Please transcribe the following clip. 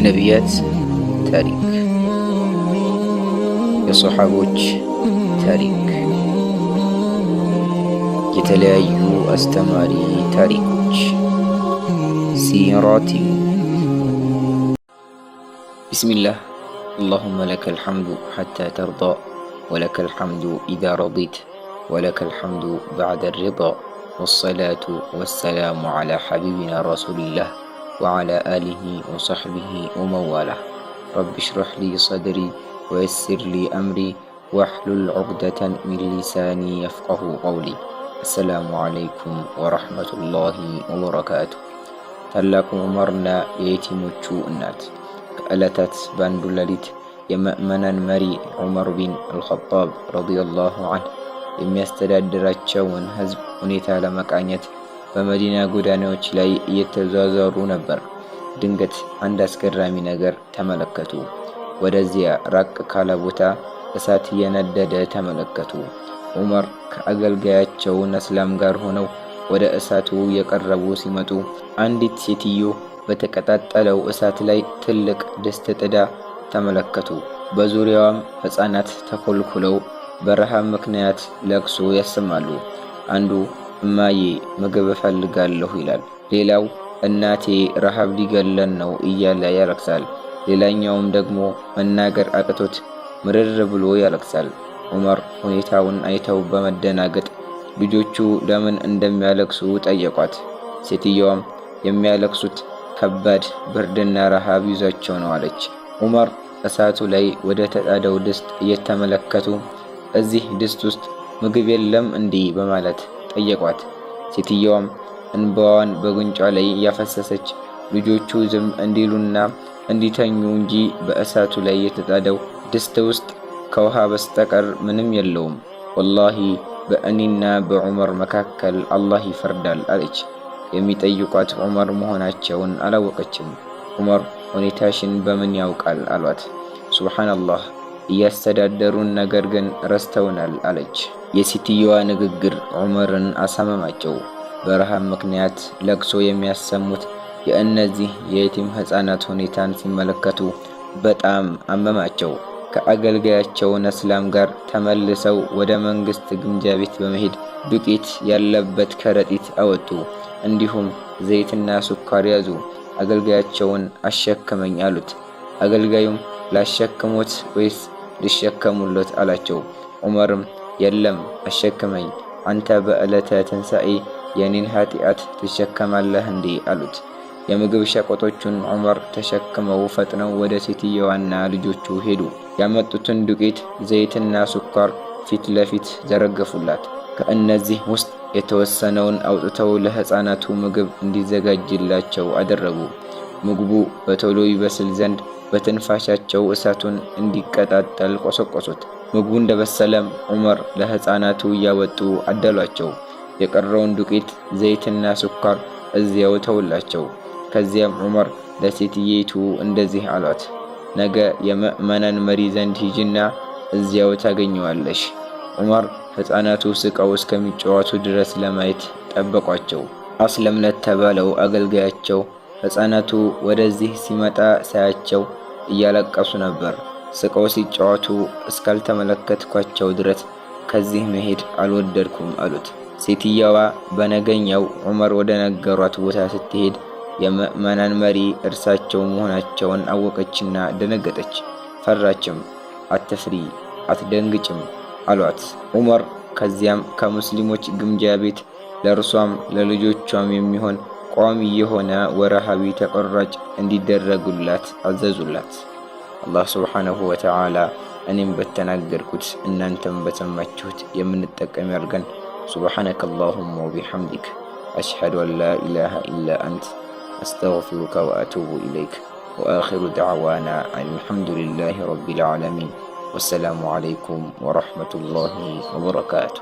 የነቢያት ታሪክ፣ የሰሓቦች ታሪክ፣ የተለያዩ አስተማሪ ታሪኮች بسم الله اللهم لك الحمد حتى ترضى ولك الحمد إذا رضيت ولك الحمد بعد الرضا والصلاة والسلام على حبيبنا رسول الله وعلى آله وصحبه ومواله رب اشرح لي صدري ويسر لي أمري واحلل عقدة من لساني يفقه قولي السلام عليكم ورحمة الله وبركاته تلاكم مرنا يتم النات ألتت باندولاليت يمأمنا مري عمر بن الخطاب رضي الله عنه لم يستدد راتشا ونهزب ونيتا لمك በመዲና ጎዳናዎች ላይ እየተዟዟሩ ነበር። ድንገት አንድ አስገራሚ ነገር ተመለከቱ። ወደዚያ ራቅ ካለ ቦታ እሳት እየነደደ ተመለከቱ። ዑመር ከአገልጋያቸው ነስላም ጋር ሆነው ወደ እሳቱ የቀረቡ ሲመጡ አንዲት ሴትዮ በተቀጣጠለው እሳት ላይ ትልቅ ድስት ጥዳ ተመለከቱ። በዙሪያዋም ሕፃናት ተኮልኩለው በረሃብ ምክንያት ለቅሶ ያሰማሉ። አንዱ እማዬ ምግብ እፈልጋለሁ ይላል። ሌላው እናቴ ረሃብ ሊገለን ነው እያለ ያለቅሳል። ሌላኛውም ደግሞ መናገር አቅቶት ምርር ብሎ ያለቅሳል። ዑመር ሁኔታውን አይተው በመደናገጥ ልጆቹ ለምን እንደሚያለቅሱ ጠየቋት። ሴትየዋም የሚያለቅሱት ከባድ ብርድና ረሃብ ይዟቸው ነው አለች። ዑመር እሳቱ ላይ ወደ ተጣደው ድስት እየተመለከቱ እዚህ ድስት ውስጥ ምግብ የለም እንዲህ በማለት ጠየቋት። ሴትየዋም እንባዋን በጉንጯ ላይ ያፈሰሰች ልጆቹ ዝም እንዲሉና እንዲተኙ እንጂ በእሳቱ ላይ የተጣደው ድስት ውስጥ ከውሃ በስተቀር ምንም የለውም፣ ወላሂ በእኔና በዑመር መካከል አላህ ይፈርዳል አለች። የሚጠይቋት ዑመር መሆናቸውን አላወቀችም። ዑመር ሁኔታሽን በምን ያውቃል አሏት። ሱብሓነላህ እያስተዳደሩን ነገር ግን ረስተውናል አለች። የሴትየዋ ንግግር ዑመርን አሳመማቸው። በረሃብ ምክንያት ለቅሶ የሚያሰሙት የእነዚህ የየቲም ሕፃናት ሁኔታን ሲመለከቱ በጣም አመማቸው። ከአገልጋያቸው ነስላም ጋር ተመልሰው ወደ መንግሥት ግምጃ ቤት በመሄድ ዱቄት ያለበት ከረጢት አወጡ። እንዲሁም ዘይትና ስኳር ያዙ። አገልጋያቸውን አሸክመኝ አሉት። አገልጋዩም ላሸክሞት ወይስ ሊሸከሙለት አላቸው። ዑመርም የለም አሸክመኝ፣ አንተ በዕለተ ትንሣኤ የኔን ኃጢአት ትሸከማለህ እንዴ አሉት። የምግብ ሸቆጦቹን ዑመር ተሸክመው ፈጥነው ወደ ሴትየዋና ልጆቹ ሄዱ። ያመጡትን ዱቄት፣ ዘይትና ስኳር ፊት ለፊት ዘረገፉላት። ከእነዚህ ውስጥ የተወሰነውን አውጥተው ለሕፃናቱ ምግብ እንዲዘጋጅላቸው አደረጉ። ምግቡ በቶሎ ይበስል ዘንድ በትንፋሻቸው እሳቱን እንዲቀጣጠል ቆሰቆሱት። ምግቡ እንደበሰለም ዑመር ለሕፃናቱ እያወጡ አደሏቸው። የቀረውን ዱቄት፣ ዘይትና ስኳር እዚያው ተውላቸው። ከዚያም ዑመር ለሴትየይቱ እንደዚህ አሏት፣ ነገ የምዕመናን መሪ ዘንድ ሂጅና እዚያው ታገኘዋለሽ። ዑመር ሕፃናቱ ስቀው እስከሚጫወቱ ድረስ ለማየት ጠበቋቸው። አስለምነት ተባለው አገልጋያቸው ሕፃናቱ ወደዚህ ሲመጣ ሳያቸው እያለቀሱ ነበር። ስቀው ሲጫወቱ እስካልተመለከትኳቸው ድረስ ከዚህ መሄድ አልወደድኩም አሉት። ሴትየዋ በነገኛው ዑመር ወደ ነገሯት ቦታ ስትሄድ የምዕመናን መሪ እርሳቸው መሆናቸውን አወቀችና ደነገጠች። ፈራችም። አትፍሪ፣ አትደንግጭም አሏት ዑመር። ከዚያም ከሙስሊሞች ግምጃ ቤት ለእርሷም ለልጆቿም የሚሆን ቋሚ የሆነ ወረሃዊ ተቆራጭ እንዲደረጉላት አዘዙላት። አላህ ሱብሓነሁ ወተዓላ እኔም በተናገርኩት እናንተም በሰማችሁት የምንጠቀም ያድርገን። ሱብሓነከ አላሁማ ወቢሐምዲክ አሽሐዱ አን ላ ኢላሃ ኢላ አንት አስተግፊሩከ ወአቱቡ ኢለይክ ወአኺሩ ደዕዋና አልሐምዱሊላሂ ረቢል ዓለሚን ወሰላሙ ዓለይኩም ወረሕመቱላሂ ወበረካቱ